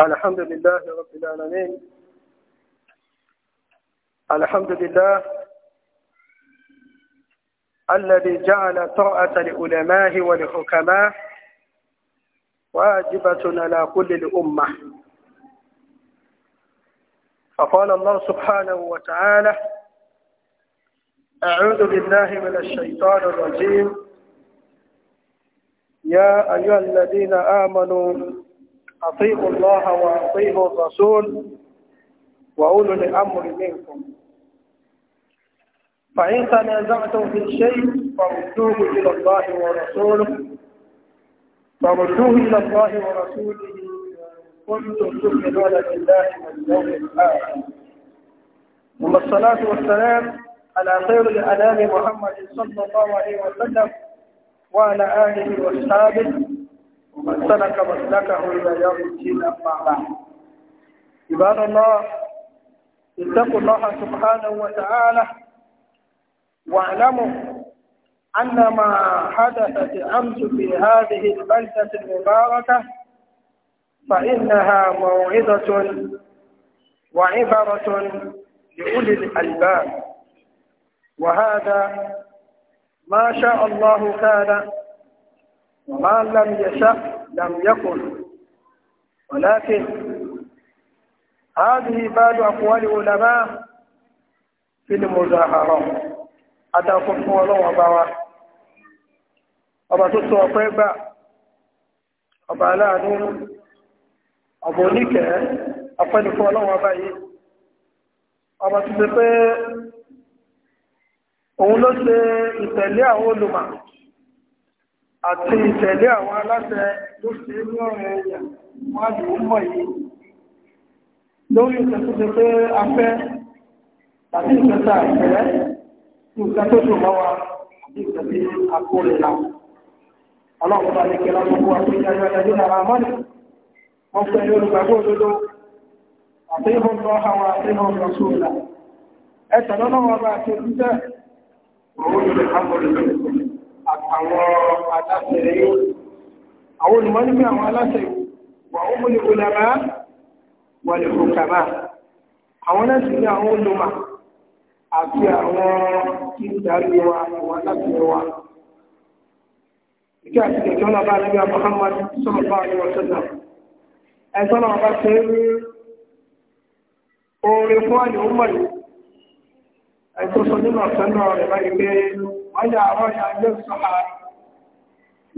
الحمد لله رب العالمين الحمد لله الذي جعل طرأة العلماء ولحكماه واجبة على كل الأمة فقال الله سبحانه وتعالى أعوذ بالله من الشيطان الرجيم يا أيها الذين آمنوا أطيعوا الله وأطيعوا الرسول وأولوا الأمر منكم فإن تنازعتم في شيء فردوه إلى الله ورسوله فردوه إلى الله ورسوله كنتم تؤمنون بالله واليوم الآخر ثم الصلاة والسلام على خير الأنام محمد صلى الله عليه وسلم وعلى آله وأصحابه ومن سلك مسلكه إلى يوم الدين أما بعد عباد الله اتقوا الله سبحانه وتعالى واعلموا أن ما حدثت أمس في هذه البلدة المباركة فإنها موعظة وعبرة لأولي الألباب وهذا ما شاء الله كان وما لم يشاء لم يكن ولكن هذه بعض أقوال العلماء في المظاهرات أتاكم هو الله وبوا أبا تسوى قيبا أبا لا نور أبو نيكا أقل هو الله وباي أبا تسوى قيبا òun ló ṣe ìtẹ̀lé àwọn olùmọ̀ àti ìtẹ̀lé àwọn aláṣẹ ló ṣe ní ọ̀rọ̀ ẹ̀yà wọ́n lè mọ̀ yìí lórí ìtẹ̀síṣẹ́ pé a fẹ́ tàbí ìtẹ̀sà ìfẹ́ nǹkan tó tó bá wa àti ìtẹ̀sí àkórìlà ọlọ́run bá lè kí lọ́wọ́ fún àti ìyáyọ ẹ̀dẹ́ náà mọ́ni wọ́n fẹ́ olùgbàgbọ́ òdodo àti ìhùn lọ àwọn àti ìhùn lọ sóòlà ẹ̀tẹ̀ lọ́nà wọn bá ti ń tẹ́ òun ìlú àmọ́ ìlú àwọn aláṣẹ rẹ̀ yóò àwọn olùmọ́ nígbà àwọn aláṣẹ wà ó mú ní olàmá wà ní òkàmá àwọn náà sì ní àwọn olùmọ̀ àti àwọn tí ń darí wa àwọn aláṣẹ wa ìjọ àti àìtọ́sọ nínú ọ̀sánà rẹ̀ báyìí pé wáyà àwọ́yà ilé sọ́ha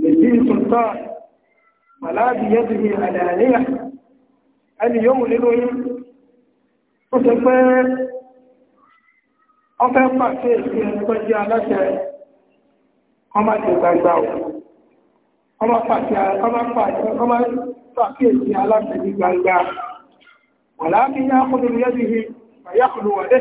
lè dí ìtùntọ́ màláàbí yẹ́dì ní àdáyà ẹni yóò mú nínú yí ó sọ pé ọfẹ́ pàṣẹ ìsí ẹni tó jẹ́ aláṣẹ ọmọ ti gbàgbà ò ọmọ pàṣẹ ọmọ pàṣẹ ọmọ aláṣẹ ní gbàgbà màláàbí yá kúrò yẹ́dì ní àyàkùnrin wọ̀dẹ́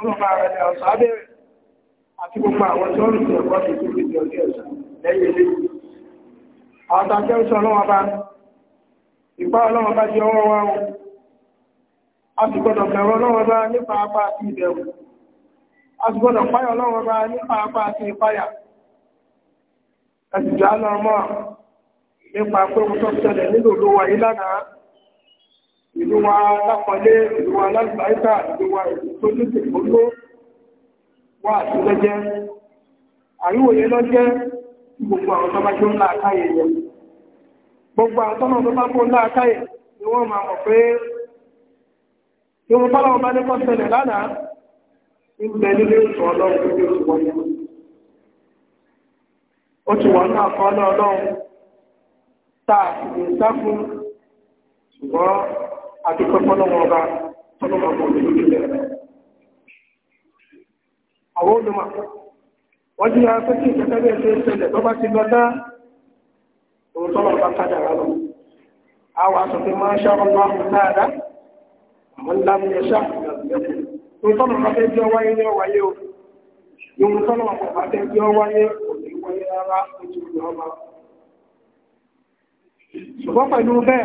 ọlọ́pàá rẹ̀ ni ọ̀sán abẹ́rẹ̀ àti gbogbo àwọn tí ó rìn sí ẹ̀kọ́ sí tó gbèjì ọjọ́ bá ìpá ọlọ́wọ́ bá jẹ́ ọwọ́ a sì gbọ́dọ̀ bẹ̀rọ bá nípa apá àti ìbẹ̀rù a gbọ́dọ̀ bá nípa ìlú wa lápọ̀lé ìlú wa lálùbáríkà ìlú wa tó ní ìpòló wà sí lọ́jẹ́ àríwòye lọ́jẹ́ gbogbo àwọn tọ́bá tí ó yẹ gbogbo àwọn tọ́nà tó bá kó ń láàkáyè ni wọ́n máa mọ̀ pé ìwọ̀n tọ́lá ọba ní kọ́sẹ̀lẹ̀ lánàá ń bẹ nílé ọlọ́run tó ti wọ́n yẹ ó ti àti pẹ́pọ́lọ́wọ́ ọba tọ́lọ́mà bọ̀ ní ìjọlẹ̀ rẹ̀. Àwọn olùmọ̀, wọ́n jí ara pẹ́kì ìjọkẹ́lẹ̀ tó bá ti lọ dá òun bá rà lọ. A wà sọ ọmọ àwọn àwọn ńlá yẹ ṣá òun bá ní ọwáyé o. bá ní rárá ọmọ. Ṣùgbọ́n pẹ̀lú bẹ́ẹ̀,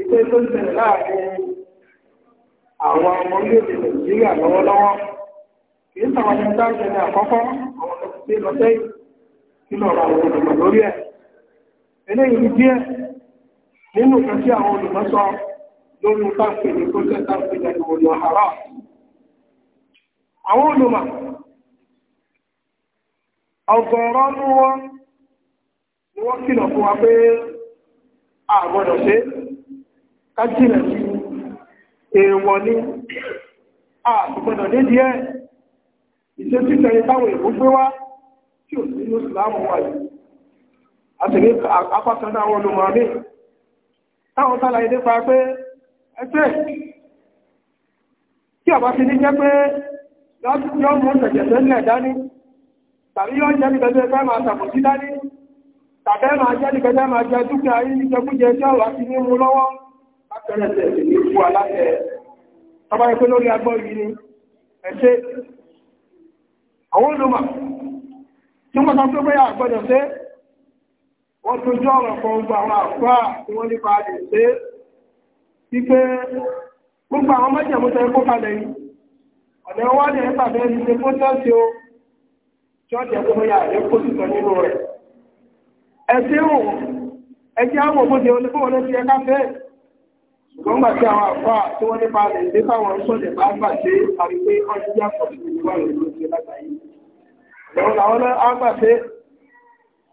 ìpé tó ń tẹ̀lé láàrin àwọn ọmọ orílẹ̀-èdè Nàìjíríà lọ́wọ́lọ́wọ́ kì í sàwọn ẹni dájẹ́ àkọ́kọ́ àwọn tó lọ sẹ́yìn kí lọ́rọ̀ àwọn olùmọ̀ lórí ẹ̀ eléyìí díẹ̀ nínú kan tí àwọn olùmọ̀ sọ lórí táǹpì ní kóńtẹ́ táǹpì ní olùmọ̀ àrà àwọn olùmọ̀ ọgọ́rọ́ ní wọ́n kìlọ̀ fún wa pé àgbọ́dọ̀ ṣe é kájìnà sí èèwọ̀ ní àtùgbọ̀nà nídìí ẹ̀ ìṣẹ́ títẹ̀ ìtàwọn èèwọ̀ gbé wá tí ò sí ní ìsìláàmù wà yìí àtìrí apákan náà wọn lòmọ̀ ní táwọn sálàyé nípa pé ẹgbẹ́ tí ọba ti ní jẹ́ pé yọ́ mú tẹ̀jẹ̀sẹ̀ ńlẹ̀ dání tàbí yọ́ jẹ́ ní gẹ́gẹ́ fẹ́ máa tàbí sí dání tàbẹ́ máa jẹ́ ní gẹ́gẹ́ máa jẹ dúkìá yìí jẹkújẹ tí ọ̀rọ̀ ti ní mú lọ́wọ́ tẹ́lẹ̀tẹ̀ sí ní fún aláṣẹ tọba ẹgbẹ́ lórí agbọ́ yìí ni ẹ̀ṣẹ́ àwọn olùmọ̀ tí wọ́n sọ pé bóyá àgbọ́dọ̀ sí wọ́n tó jọ ọ̀rọ̀ kan gba àwọn àfáà tí wọ́n nípa lè ṣe wípé gbogbo àwọn mẹ́jẹ̀múta ẹkọ́ kalẹ̀ yìí ọ̀nà wọ́n ní ẹ̀ta bẹ́ẹ̀ ní ṣe fótọ́sí o ṣọ́ọ̀tì ẹ̀kọ́ bóyá àlékó sì sọ nínú rẹ̀ ẹ̀ṣẹ́ wò Wọ́n gbà tí àwọn àfá tí wọ́n nípa rẹ̀ ní káwọn sọ́dẹ̀ bá gbà tí àríwé ọdún yàtọ̀ sí ìwà rẹ̀ ló ti lágbàáyé. Ìwọ̀n làwọn àgbà pé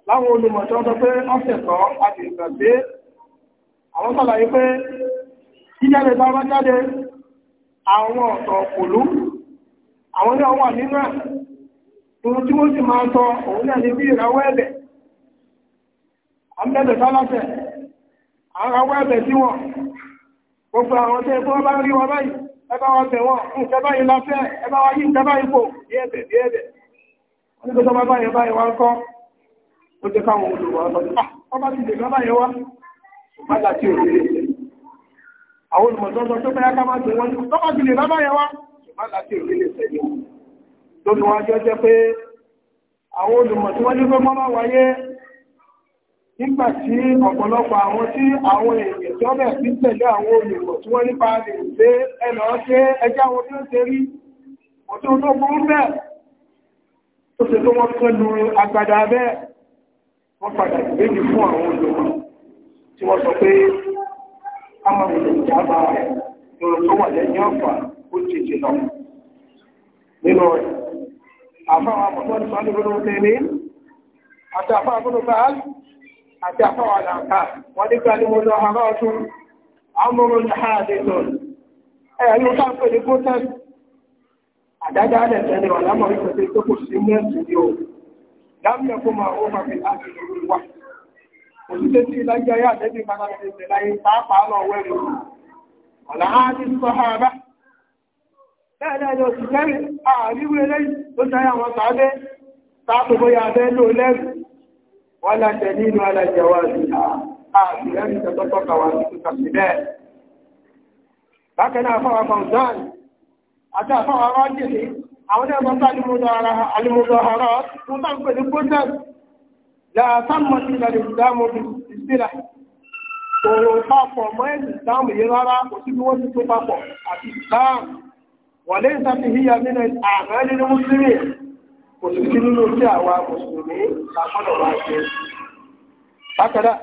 láwọn olùmọ̀tọ́ sọ pé ọ̀sẹ̀ tọ́ àti ìgbà pé àwọn sàlàyé pé jíjáde bá bá jáde àwọn ọ̀tọ̀ òkòlú àwọn ilé ọwà nínú ẹ̀ ohun tí wọ́n sì máa tọ òun náà ní bí ìrawọ́ ẹ̀bẹ̀ àmì ẹ̀bẹ̀ sálásẹ̀ àwọn ìrawọ́ ẹ̀bẹ̀ sí wọn gbogbo àwọn tẹ́ tó bá rí wọn báyìí ẹbá wọn tẹ̀ wọn nǹkan báyìí lọ́fẹ́ ẹbá wọn yí nǹkan báyìí pò díẹ̀dẹ̀ díẹ̀dẹ̀ wọn ní gbogbo báyìí báyìí wọn kọ́ ó jẹ́ káwọn olùwà ọlọ́dún ah, àwọn olùmọ̀tọ́sọ wọ́n ní pé mọ́ máa wáyé nígbà ọ̀pọ̀lọpọ̀ àwọn tí àwọn èèyàn tọ́bẹ̀ sí tẹ̀lé àwọn olùgbò tí wọ́n nípa lè ṣe ẹlọ ṣe ẹjá wọn tí ó ṣe rí ọ̀tí ó tó gbọ́n bẹ́ẹ̀ tó ṣe tó wọ́n tó lu agbada bẹ́ẹ̀ wọ́n padà ìgbéjì fún àwọn olùgbò tí wọ́n sọ pé a máa wùlò ìjàmbá rẹ̀ lọ́rọ̀ tó wà lẹ́yìn ọ̀fà ó ti jì lọ nínú rẹ̀ àfáwọn àpọ̀tọ́ àti àfọwọ́ àlàkà wọ́n a pẹ̀lú mo lọ àárọ̀ ọdún àmúrò àádẹ́tọ̀ ẹ̀rù o òṣìṣẹ́ àríwé lẹ́yìn tó àwọn wọ́lá tẹ̀lé inú alájẹwà ìhà ààbìrẹ́rì tẹ́tọ́tọ́ kàwà sí kàfìdẹ́ bákan náà fáwọn fọ̀ǹdán àti àfáwọn arájìlì àwọn ẹgbẹ́ tó alìmọ̀dọ̀ ọ̀rọ̀ tó tán pẹ̀lú gbọ́dán láàtàmọ̀ sí ilẹ̀ ìdámọ̀ ìsílẹ̀ òun papọ̀ mọ́ ẹ̀sì ìdámọ̀ yìí rárá kò sí bí wọ́n ti tó papọ̀ àti ìdámọ̀ wọ̀lé ìsàfihìyà nínú àmẹ́lẹ́ ní mùsùlùmí kò sí sí nínú tí àwa mùsùlùmí àgbọ́dọ̀ wá ṣe bákanáà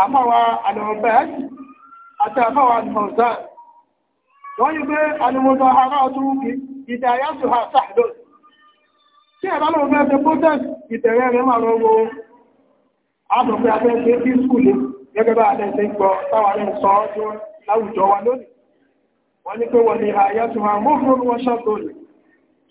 àmọ́wà ati àti àmọ́wà àlùmọ̀zá wọ́n yí pé àlùmọ̀zá ara ọdún ìdáyà tó ha sáàdọ̀ tí ẹ̀bá lọ́wọ́ fẹ́ fẹ́ protest ìbẹ̀rẹ̀ rẹ̀ máa lọ́wọ́ àbọ̀fẹ́ afẹ́fẹ́ bí skúlé gẹ́gẹ́ bá àdẹ́sẹ̀ gbọ́ táwà rẹ̀ sọ láwùjọ wa lónìí wọ́n ní pé wọ́n ni àyà tó ha mọ́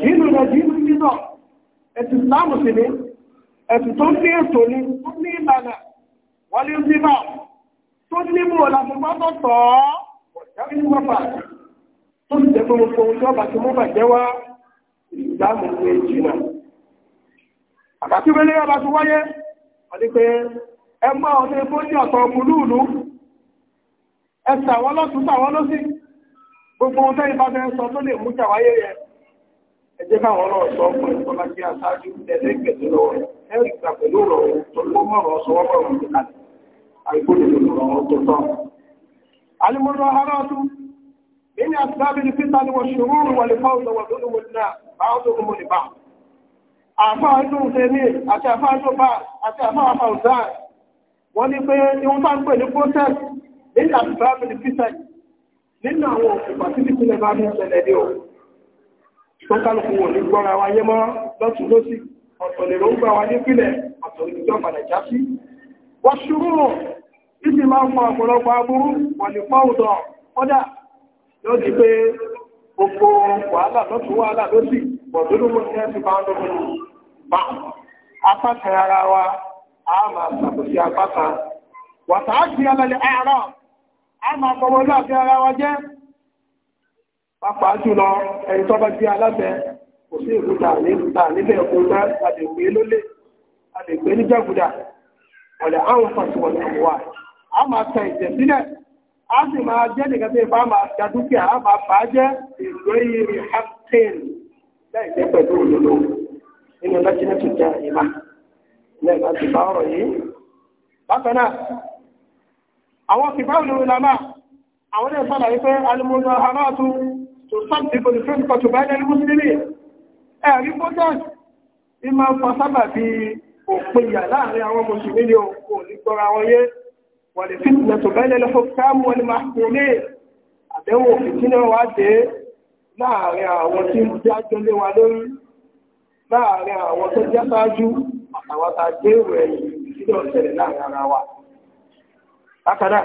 jíìnù rẹ̀ jíìnù nínà ẹ̀sìn ìsìláàmù sí ni ẹ̀sìn tó ní ètò ní tó ní ìlànà wọ́n lè ní náà tó ní mú ọ̀làfọ̀gbọ́tọ̀ tọ́ ọ̀jáwé ní wọ́pà tó sì jẹ́ pé mo fohun tí ọba tí mo bàjẹ́ wá ìsìláàmù ní jìnnà àbátí wẹ́lẹ́ ọba tó wáyé ọdí pé ẹ mọ́ ọdún epo ní ọ̀tọ̀ ọmọlúùlú ẹ sàwọn lọ́tún sàwọn lọ́sí gbogbo ohun tẹ́yìn bá fẹ́ sọ tó lè mú jàwáyé yẹn ẹjẹ́ káwọn náà sọ fún ìtọ́lá kí aṣáájú ẹlẹ́gbẹ̀ẹ́ lọ́wọ́ ẹ̀rì ìgbà pẹ̀lú ọ̀rọ̀ tó lọ́mọ̀rọ̀ sọwọ́mọ̀rọ̀ nípa àìkúrò lọ́rọ̀ tó tọ́. alimọ́dọ̀ aráàlú nínú àtìlábí ní pítà ni wọ́n ṣòro wà lè fáwọn lọ́wọ́ tó lówó náà bá ó tó mú nípa. àfáàjú tẹ̀mí àti àfáàjú bá àti àfáàfà ọ̀dà wọ́n ní pé ìwọ́n tá ń pè ní protest nínú àtìlábí ní pítà nínú àwọn òkùnkùn àti tó kálùkù ní gbọ́ra wa yé mọ́ lọ́tún lọ́sí ọ̀tọ̀ lè rọ́gbà wa ní pílẹ̀ ọ̀tọ̀ padà já sí wọ́n ṣúrú títí máa ń mọ ọ̀pọ̀lọpọ̀ aburú wọ́n ní pọ́ùdọ̀ kọ́dà yóò pé wàhálà lọ́tún wàhálà ní ma pápá jùlọ ẹni tó bá jẹ́ aláṣẹ kò sí ìgbúta nígbà nílẹ̀ ẹ̀kún àdègbè lólè àdègbè níjàgùdà ọ̀lẹ̀ àwọn fàṣíwọ̀n ní a máa sílẹ̀ a sì máa jẹ́ nìkan tí ìfà máa da dúkìá a máa bàá jẹ́ ìlú ìrìn hapkin pẹ̀lú nínú tó jẹ́ ìmá bá ọ̀rọ̀ yìí bákan náà àwọn ìlànà àwọn تصدق الفرقة بين المسلمين ẹ̀rí bọ́dán ní máa ń fa sábà bí òpinyà láàrin àwọn mùsùlùmí ni òkú ní gbọ́ra wọn yé wà lè fìtìnà tó bẹ́ẹ̀ lẹ́lẹ́fọ́ káàmù wọn ni máa kò lè àdẹ́wò fìtìnà wá dé láàrin àwọn tí ń jájọ lé wa lórí láàrin àwọn tó já sáájú àtàwọn tá a gbé ìwẹ̀ ìfìdí ọ̀sẹ̀ láàrin ara wa. bákan náà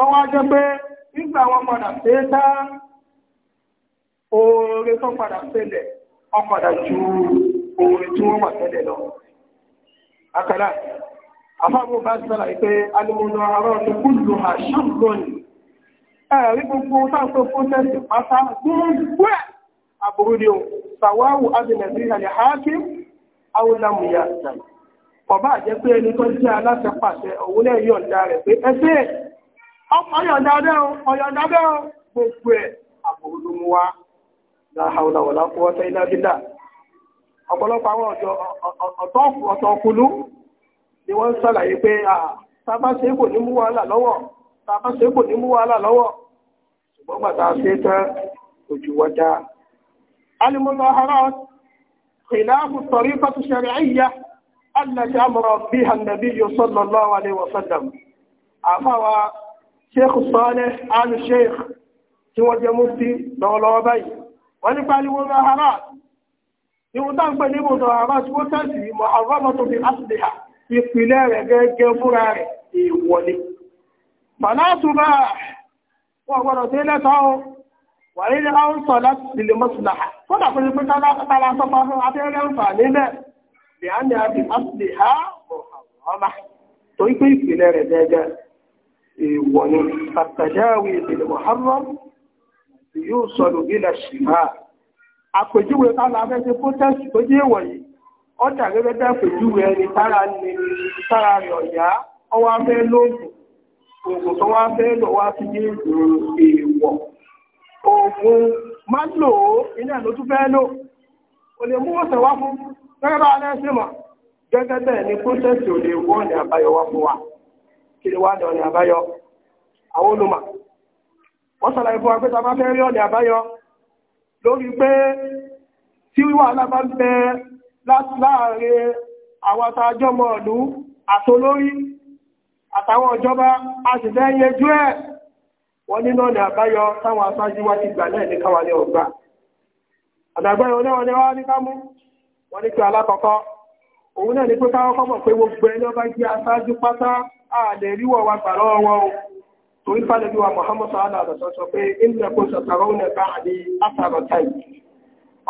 tọ́wọ́ jẹ́ pé nígbà wọn padà pé tá oore tó padà ṣẹlẹ̀ wọ́n padà ju oore tí wọ́n wà tẹ́lẹ̀ lọ. Àkàlà, àfáàbò bá sára ìpé alìmọ̀nà àárọ̀ tó kúlù àṣàgbọ́n. Ẹ̀rí gbogbo táàkó fóṣẹ́sì pátá gbogbo ẹ̀ àbúrú ni ó, sàwáwù adìlẹ̀bí àlẹ̀ hákí, áwùlámùyà àtàlẹ̀. àjẹ́ pé ẹni tó jẹ́ aláṣẹ òun lẹ́yọ̀ ìdá rẹ̀ pé ẹgbẹ́ ọyọ̀dá bẹ́ o gbogbo ẹ̀ àpòròdòmúwá láhàúlà wà lápọ̀ọ́tẹ́ ilá bílá ọ̀pọ̀lọpọ̀ àwọn ọ̀tọ̀ọ̀kùlú ni wọ́n sàlàyé pé kò ní mú wàhálà lọ́wọ́ ṣùgbọ́n gbàtà ṣe tán ojú wọ́dá المظاهرات خلاف الطريقة الشرعية التي أمر بها النبي صلى الله عليه وسلم sheikh Saleh alu sheikh tí wọ́n jẹ́ mufti lọ́wọ́lọ́wọ́ báyìí wọ́n ní pariwo muhammad ní wọ́n tán pè ní ibùdó muhammad tí wọ́n tẹ̀sí mọ̀ àrọ́mọ́tò bí asìlẹ̀hà ìpìlẹ̀ rẹ̀ gẹ́gẹ́ fúnra rẹ̀ ìwọlé bàlátùbà wọ́n gbọ́dọ̀ sí lẹ́tọ́ wà nílé àwọn sọ láti ilé mọ́sùláhà fọ́nà ń fà ìpìlẹ̀ rẹ̀ gẹ́gẹ́ èèwọ̀ ni àtàjáwì ìbìlẹ̀ Muharram yóò sọ̀rọ̀ ilẹ̀ ṣìmá àpèjúwe alábẹ́sẹ̀ protest tó jẹ́ èèwọ̀ yìí ọjà gẹ́gẹ́ bí àpèjúwe ẹni tára ní tára rẹ̀ ọ̀yá ọwá fẹ́ lóògùn kí ló wá ní ọ̀nà àbáyọ àwọn olùmọ̀ wọ́n sàlàyé fún wa pé ta bá fẹ́ rí ọ̀nà àbáyọ lórí pé tí wàhálà bá ń bẹ láàrin àwọn àtàjọmọ̀ ọ̀lú àtolórí àtàwọn ìjọba a sì fẹ́ yẹjú ẹ̀ wọ́n nínú ọ̀nà àbáyọ táwọn aṣáájú wá ti gbà náà ní káwà ní ọgbà àdàgbáyọ náà ni wọ́n ní ká mú wọ́n ní pé alákọ̀ọ́kọ́ òun náà ní pé káwọ́kọ́ mọ̀ pé gbogbo ẹni ọba jẹ́ aṣáájú pátá àdèríwọ̀ wa pàrọ̀ wọn o torí fàlẹ́bí wa Muhammad sọ́ọ́lá àdọ̀tọ̀ sọ pé ìlẹ̀kùn sọ̀tàrọ̀ òun ẹ̀ka àdé àtàrọ̀ táì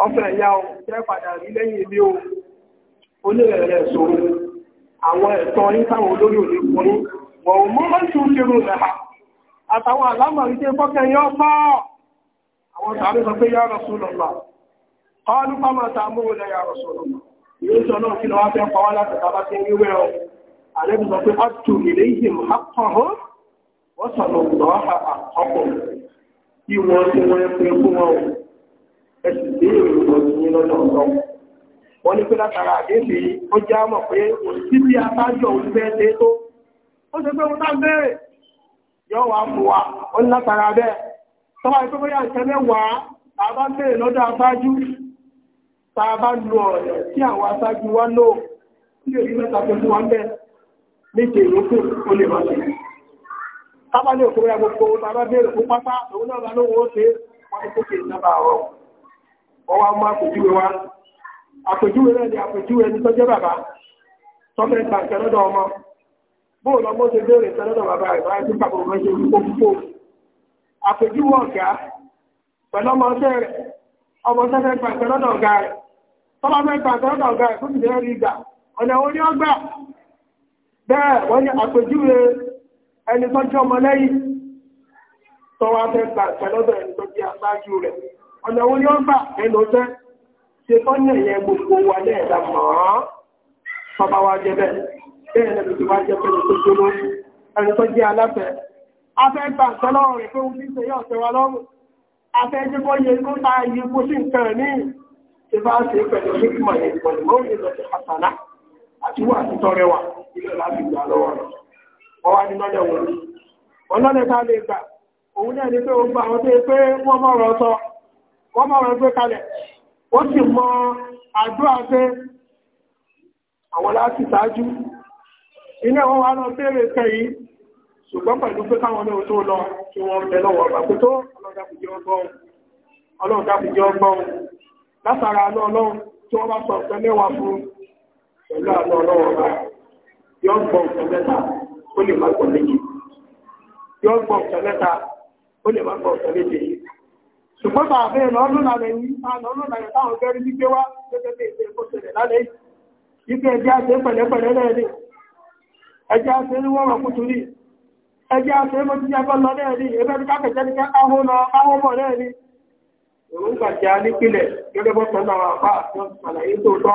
ọ̀fẹ́ o jẹ́ padà rí lẹ́yìn ilé o onírẹ̀rẹ̀ sòrò àwọn ẹ̀tọ́ yín táwọn olórí òní fún yín wọ̀n ò mú mọ́tò kírun rẹ̀ àlẹ́bí sọ pé àtù ilé ìhìm àpọ̀hún wọ́n sọ̀nà lọ́ àkọ́kọ̀ kí wọ́n tí wọ́n pè fún wọn ẹ̀sì dé èrò ní lọ́dọ̀ ọ̀dọ́ wọ́n ní pé látara àdéhì ó jẹ́ àmọ̀ pé òsì bí abájọ òṣìṣẹ́ ṣe tó ó ṣe pé wọ́n bá bẹ́ẹ̀ yọ wà fún wa ó ní látara bẹ́ẹ̀ tọ́wọ́ àti pé àṣẹ mẹ́wàá tàbá bẹ́ẹ̀ lọ́dọ̀ abájú tàbá lu ọ̀rẹ́ tí àwọn aṣáájú wa lò ó lè rí mẹ́ta pẹ̀lú wọn bẹ́ẹ̀ méje ìrókù ó lè máa ṣe. Tábà ní òkúrẹ́ gbogbo tàbá bèèrè fún pátá òun náà bá lówó ṣe wọ́n tó kè ìjọba ọ̀rọ̀. Wọ́n wá mú àpèjúwe wá. Àpèjúwe náà ni àpèjúwe ẹni tó bàbá. Tọ́mẹ̀ ta ọmọ. Bó mọ́ ṣe bèèrè ìṣẹ́ bàbá rẹ̀ báyìí bẹ́ẹ̀ wọ́n ní àpèjúwe ẹni tó jẹ́ ọmọ lẹ́yìn tó wá fẹ́ gbà pẹ̀lọ́dọ̀ ẹni tó jẹ́ aṣáájú rẹ̀ ọ̀nà wo ni ó gbà ẹnu jẹ́ ṣe tó ní ẹ̀yẹ gbogbo wa ní ẹ̀dá mọ́ tọba wa jẹ bẹ́ẹ̀ bẹ́ẹ̀ lẹ́nu tó wá jẹ́ pẹ̀lú tó jẹ́ lórí ẹni tó jẹ́ aláfẹ́ afẹ́ gbà pẹ̀lọ́rọ̀ rẹ̀ pé wọ́n ti ṣe yọ̀ tẹwa lọ́rùn afẹ́ jẹ́ kó yẹ kó ta yí kó sí nǹkan ní ìbá ṣe pẹ̀lú hikmọ̀ ìpọ̀lùmọ́ ìlọ̀tẹ̀ àti wà àti tọrẹ wà ilẹ̀ láti gbà lọ́wọ́ rẹ̀ ọwá ní lọ́lẹ̀ wọn ọlọ́lẹ̀ tá lè gbà òun náà ni pé ó gba àwọn tó pé wọ́n mọ̀rọ̀ sọ wọ́n mọ̀rọ̀ gbé kalẹ̀ ó sì mọ àdúrà pé àwọn láti ṣáájú ilé wọn wá lọ béèrè kẹ yìí ṣùgbọ́n pẹ̀lú pé káwọn náà tó lọ kí wọ́n bẹ lọ́wọ́ ọgbà pé tó ọlọ́run dákùjẹ́ ọgbọ́n látara náà ọlọ́run tí wọ́n bá sọ ọ̀pẹ́ mẹ́wàá fún pẹ̀lú àlọ́ ọlọ́wọ́ bá yọ ń gbọ́ nǹkan mẹ́ta ó lè má gbọ́ méje yọ ń gbọ́ mẹ́ta ó lè máa gbọ́ nǹkan ṣùgbọ́n bàbá bẹ́ẹ̀ lọ lọ́nà rẹ̀ yìí àná táwọn gẹ́rí wá gẹ́gẹ́ bí ẹjẹ́ àṣẹ ní wọ́n torí ẹjẹ́ àṣẹ mọ́ ti lọ ẹgbẹ́ ní lọ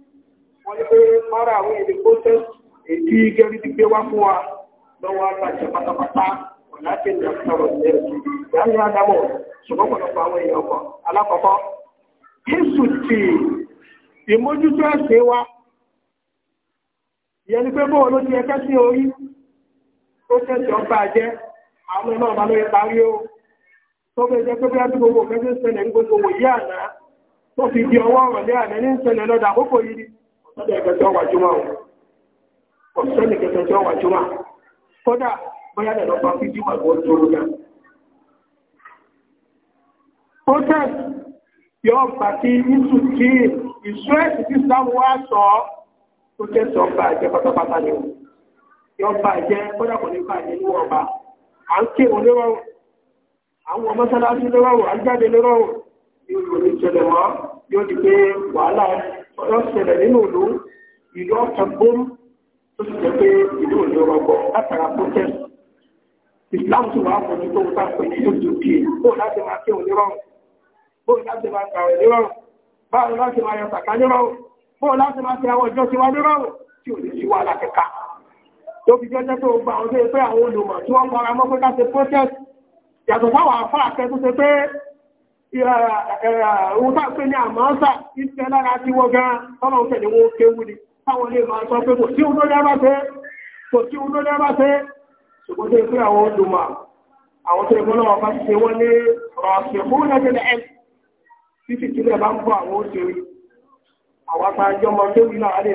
wọ́n ní pé mara àwọn èdè kóṣẹ́ èdè gẹ́rí ti gbé wá fún wa lọ́wọ́ aláṣẹ pátápátá ọ̀nà tí ìjà sọ̀rọ̀ ìyẹn ìyá ní àdámọ̀ ṣùgbọ́n pọ̀lọpọ̀ àwọn èèyàn kan alákọ̀ọ́kọ́ jésù ti ìmójútó ẹ̀sìn wa ìyẹn ni pé bóun ló ti ẹ̀kẹ́ sí orí tó tẹ̀sí ọba jẹ́ àwọn ọmọ ọba ló yẹ parí o tó bẹ jẹ́ pé bí adúgbò gbogbo kẹ́sí ń ṣẹlẹ̀ ní gbogbo wòye àná tó fi di ọwọ́ ọ̀rọ̀ lé àná ní ń lọ́dà àkókò yìí sọ́dọ̀ ẹ̀kẹ́ tí wọ́n wà jùmọ̀ o ọ̀sẹ́ ní kẹsẹ̀ tí wọ́n wà jùmọ̀ kódà bóyá lẹ́nu ọba fi jùmọ̀ ìwọ̀n tó rú náà. protest yóò gbà kí isu kí ìṣú ẹ̀sìn tí sáwọn wá sọ protest yóò bá ẹ̀jẹ̀ pátápátá ni o yóò bá ẹ̀jẹ̀ kódà kò ní bá ẹ̀jẹ̀ ní wọ́n bá à ń ké wọn lérò àwọn ọmọ sálásí lérò à ń jáde lérò yóò yóò ní ìṣẹ̀lẹ̀ wọn yóò di pé wàhálà ọ̀rọ̀ ṣẹlẹ̀ nínú ìlú ìlú ọ̀tọ̀ gbóòrú tó sì jẹ́ pé ìlú ìlú látara protest Islam tó wà fún tó wọ́n pè ní ojúkì bóò láti máa kí òní rọrùn bóò láti máa kàwé ní rọrùn báwo láti máa yọ sàkà ní rọrùn bóò láti máa fi àwọn ìjọ sí wa ní rọrùn tí ohun tá pé ní àmọ́sà ìfẹ́ lára tí wọ́n gan tọ́lọ̀un tẹ̀lé wọn kéwú ni táwọn lè máa sọ pé kò sí ohun lórí ẹbá tẹ́ kò sí ohun lórí ẹbá tẹ́ ṣùgbọ́n tó ìpé àwọn olùmọ̀ àwọn tó ìpé lọ́wọ́ bá ti ṣe wọ́n ní rọ̀ọ̀sẹ̀ fún lẹ́gbẹ̀lẹ̀ ẹ̀ títí tí lẹ́ bá ń bọ́ àwọn òṣèré àwọn àtàjọ ọmọ kéwú náà lè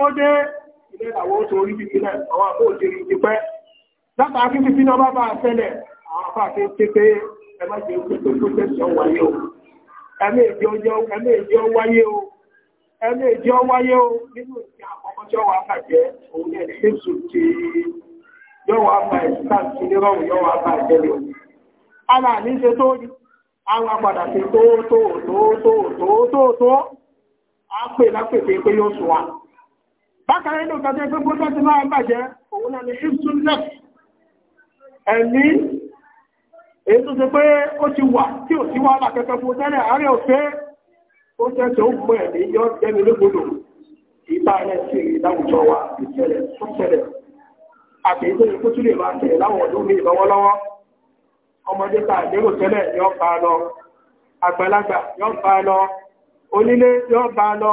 bá ti ilé ìdàwọ́ tó orí bíbí náà àwọn àpò ti pẹ́ látà akíbi tó o o o tó tó tó tó tó tó tó tó bákan nínú ìgbàdé efe bójá ti máa bàjẹ́ òun náà ni hipsun nex ẹ̀mí èyí tó ṣe pé ó ti wà tí ò sí wà lákẹ́kẹ́ fún tẹ́lẹ̀ àárẹ̀ òfẹ́ ó jẹ́ tó ń pọ̀ ẹ̀mí yọ jẹ́mi lógbòdò ìta rẹ̀ sí ìdáwùjọ wa ìṣẹ̀lẹ̀ tó ṣẹlẹ̀ lọ lọ lọ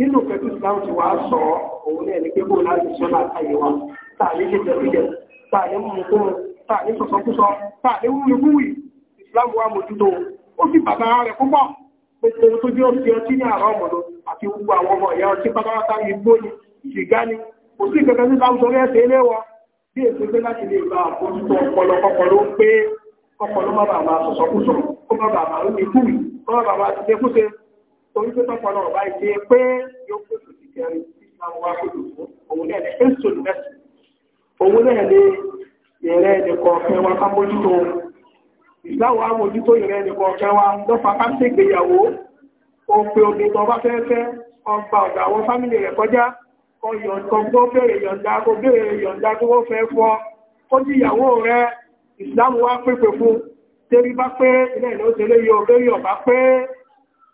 nínú pẹ̀lú ìsìláwò tí wàá sọ òun ní ẹni pé bó láti sọ látàyè wa tààlé ṣe tẹ̀lé tààlé mú kó mu tààlé sọ̀sọ̀kúsọ tààlé wúwo wúwì ìsìláwò wa mójútó ó sì bàbá rẹ̀ púpọ̀ gbogbo tó jẹ́ òsì ọtí ní àárọ̀ ọmọdé àti gbogbo àwọn ọmọ ìyá ọtí pátápátá igbó ni ìṣìgá ni kò sí ìkẹ̀kẹ́ sí láwùjọ rẹ̀ ṣe ilé wọn bí èso pé láti lè gba àbójútó ọpọlọ kọpọlọ pé kọpọlọ má bàa máa sọ̀sọ̀kúsọ kó má bàa máa ń kó má bàa ti ṣe kúṣe torí pé tọ́pọ̀lọ́ ọ̀bá ìṣe pé yóò fòsù sí kẹrin sí àwọn wa kò dùn fún òun náà ní èso lẹ́sì òun náà ní ìrẹ́ ẹnìkan ọ̀fẹ́ wa ká mójútó ìgbàwọ̀ á mójútó ìrẹ́ ẹnìkan ọ̀fẹ́ wa lọ́fà ká sí ìgbéyàwó ó pe obì tó bá fẹ́ẹ́fẹ́ ọgbà ọ̀dà àwọn fámìlì rẹ̀ kọjá ọyọ̀ǹtọ̀ bẹ̀rẹ̀ yọ̀ǹda kó bẹ̀rẹ̀ yọ̀ǹda tó wọ́n fẹ́ fọ́ ó jí ìyàwó rẹ̀ ìsìlámù wá pèpè fún tẹ́rí bá pé ilẹ̀ ìlú òṣèlú yóò lórí ọ̀bá pé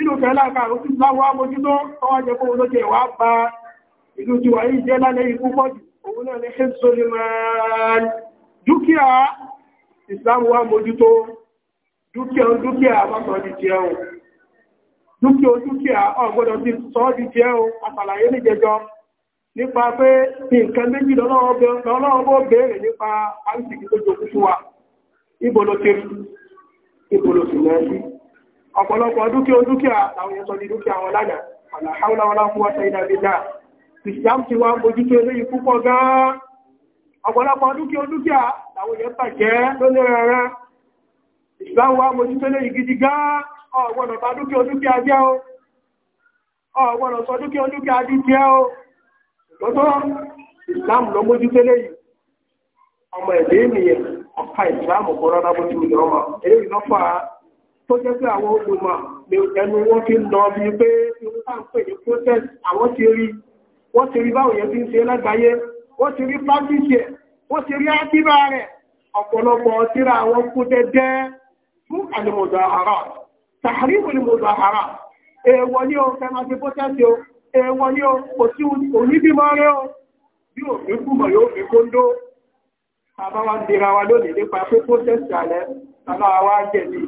inú fẹ́lá kàrù tí láwọ́ àmójútó ọwọ́ jẹ́ fún olóje wà bá ìlú ti wà yìí jẹ́ lálẹ́ ikú pọ̀jù òun náà ní ṣẹ́sọ́lẹ̀mán dúkìá ìsìlámù wà mójútó dúkìá dúkìá àbátọ̀ di jẹun dúkìá dúkìá ọgbọ́dọ̀ ti sọ di jẹun àtàlàyé ní jẹjọ nípa pé nǹkan méjì lọ́lọ́wọ́ bó béèrè nípa àìsìkí tó jogún fún wa ìbòlò ti ìbòlò sì náà sí ọ̀pọ̀lọpọ̀ dúkìá dúkìá àwọn èèyàn sọ ní dúkìá wọn lánàá àlà haúlá wọn láwọn wọ́n sẹ́yìn àbílá Islam ti wá mojú tó eléyìí púpọ̀ gan-an ọ̀pọ̀lọpọ̀ dúkìá dúkìá àwọn èèyàn tàjẹ́ lónìí rẹ̀ Islam wá mojú tó eléyìí gidi gan-an ọ̀gbọ̀nà bá dúkìá dúkìá jẹ́ Islam lọ mojú tó eléyìí ọmọ Islam kọ́ rárá bó ti wù lọ́mọ tó jẹ́ pé àwọn olùmọ̀ ẹnu wọn fi lọ bí pé irú tá ń pè ní process àwọn ti rí wọ́n ti rí báwọn yẹn ti ń ṣe lágbàáyé wọ́n ti rí practice ẹ̀ wọ́n ti rí ákíbà rẹ̀ ọ̀pọ̀lọpọ̀ tíra àwọn kú dẹ́dẹ́ fún àlùmọ̀dàhárà tàhárìmù àlùmọ̀dàhárà èèwọ̀ ní o fẹ́màtí pọ́tẹ́sì o èèwọ̀ ní o kò sí onídìmọ́ rẹ̀ o bí o fi kúmọ̀ yóò fi kóńdó àbáwá dira wa lónìí nípa pé pọ́tẹ́sì alẹ́ tàbáwá jẹ̀bi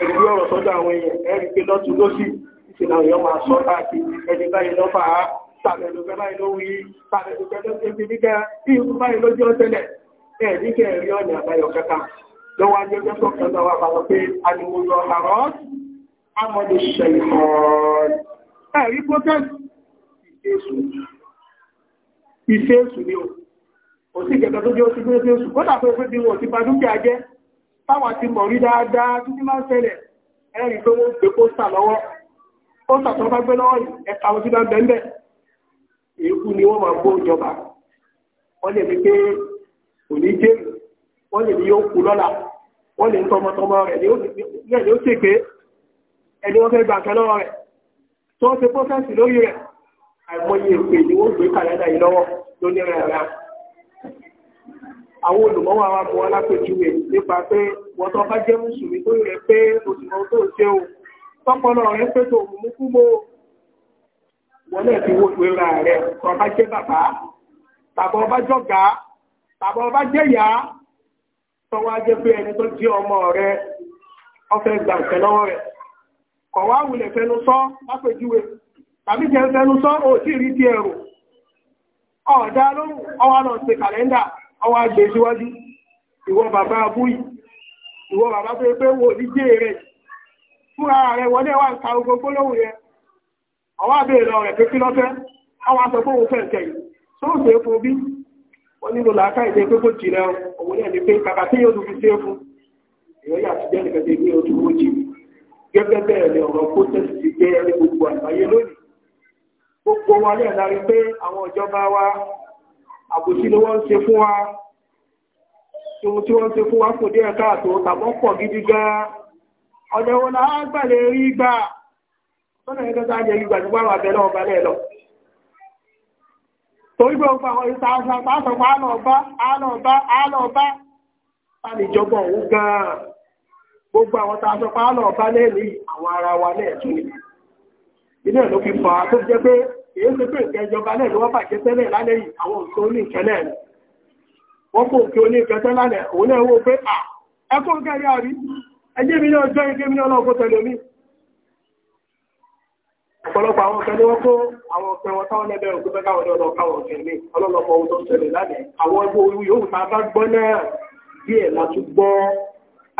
ẹgbẹ́ ọ̀rọ̀ sọ́dọ̀ àwọn èèyàn ẹ̀rí pé lọ́tù lọ́sì ìṣẹ̀lẹ̀ ọ̀yọ́ máa sọ káàkiri ẹni báyìí lọ́fà á tàbẹ̀lùfẹ́ báyìí ló wí tàbẹ̀lùfẹ́ ló ṣe fi níkẹ́ ìlú báyìí lójú ọ̀tẹ́lẹ̀ ẹ̀rí kẹ́ ẹ̀rí ọ̀nà àbáyọ̀ kẹta lọ́wọ́ ajẹ́jẹ́ sọ̀kan náà wà bàbá pé aliwòyọ̀ àrọ́ amọ̀dé ṣẹ̀yìn ẹ̀rí protest ìṣẹ́sù ìṣẹ́sù ni ó sì kẹta tó jẹ́ ó ti gbé táwa ti mọ̀ rí dáadáa títí máa ń ṣẹlẹ̀ ẹ̀rìn tó wọ́n gbé pósà lọ́wọ́ pósà tó bá gbé lọ́wọ́ ẹ̀ka ojú bá bẹ́ẹ̀ èékú ni wọ́n máa gbó ìjọba wọ́n lè ní pé kò ní jẹ́ wọ́n lè ní yóò kú lọ́la wọ́n lè ń tọmọtọmọ rẹ̀ ní ó ṣègbè ẹni wọ́n fẹ́ gbà kẹ́ lọ́wọ́ rẹ̀ tó ń ṣe pósẹ̀sì lórí rẹ̀ àìmọye èpè ni wọ́n gbé kàlẹ́dà yìí lọ́wọ́ lónìí rẹ̀ àwọn olùmọ́wọ́ àwọn akọwọ́ lápẹjúwe nípa pé wọ́n tó bá jẹ́ mùsùlùmí tó rẹ̀ pé òṣùmọ̀ tó ṣe o tọ́pọlọ rẹ̀ pé tó mú kú mọ́ wọ́n lè fi wo ìwéra rẹ̀ tó bá jẹ́ bàbá tàbí ọba jọ̀gá tàbí ọba jẹ̀yà tó wá jẹ́ pé ẹni tó jẹ́ ọmọ rẹ̀ ọfẹ́ gbà ǹkan lọ́wọ́ rẹ̀ kọ̀ wá wulẹ̀ fẹnu sọ lápẹjúwe tàbí jẹ́ fẹnu sọ òtí rí ti ẹ̀rù ọ̀dá ọwọ́ agbè síwájú ìwọ bàbá abúyí ìwọ bàbá tó pé wò ní jẹ́ rẹ̀ fúnra rẹ̀ wọlé wà ń ka ogun gbólóhùn rẹ̀ ọwọ́ àbẹ̀ lọ rẹ̀ pé kí lọ́fẹ́ àwọn aṣọ fún òun fẹ̀ǹkẹ̀ yìí tó ń fẹ́ fún bí wọ́n nílò làákà ìdẹ pé kò jìnà òun náà ní pé kàkà tí yóò fi ṣe fún ìrọ̀yà ti jẹ́ nìkan tẹ́ ní ọdún ó jì gẹ́gẹ́ bẹ́ẹ̀ ni ọ̀rọ̀ kó tẹ́sì ti jẹ́ ní gbogbo àgbáyé lónìí gbogbo wa lẹ́ẹ̀ lárí pé àwọn ìjọba wa àbòsí ni wọ́n se fún wa ohun tí wọ́n ń fún wa kò dé ẹ̀ka àtò tàbọ́ pọ̀ gidi gan ọ̀dẹ̀wò náà gbàlẹ̀ rí gbà tọ́nà ẹgbẹ́ tá jẹ́ gbà nígbà wà lẹ́lọ torí pé àwọn ìta òun gan gbogbo àwọn àwọn ara èyí ṣe pé ìkẹ́ ìjọba náà ni wọ́n bàjẹ́ tẹ́lẹ̀ lálẹ́ yìí àwọn òṣè oníkẹ́lẹ̀ rẹ̀ wọ́n kò kí oníkẹ́tẹ́ lálẹ́ òun náà wó pé à ẹkọ́ gẹ́rẹ́ àrí ẹjẹ́ mi náà jẹ́ ike mi náà lọ́kọ́ tẹ̀lé mi ọ̀pọ̀lọpọ̀ àwọn ọ̀kẹ́ ni wọ́n kó àwọn ọ̀kẹ́ wọn táwọn ẹgbẹ́ òkú fẹ́ káwọn ọ̀dọ́ káwọn ọ̀kẹ́ mi ọlọ́lọ́pọ̀ ohun tó ṣẹlẹ̀ lálẹ́ àwọn ẹgbẹ́ orí yóò ta bá gbọ́ náà díẹ̀ láti gbọ́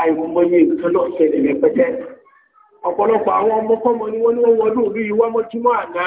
àìmọye nǹkan náà ṣẹlẹ̀ rẹpẹtẹ ọ̀pọ̀lọpọ̀ àwọn ọmọkọ́mọ ni wọ́n ní wọ́n wọlé òlú yìí wọ́n mọ́júmọ́ àná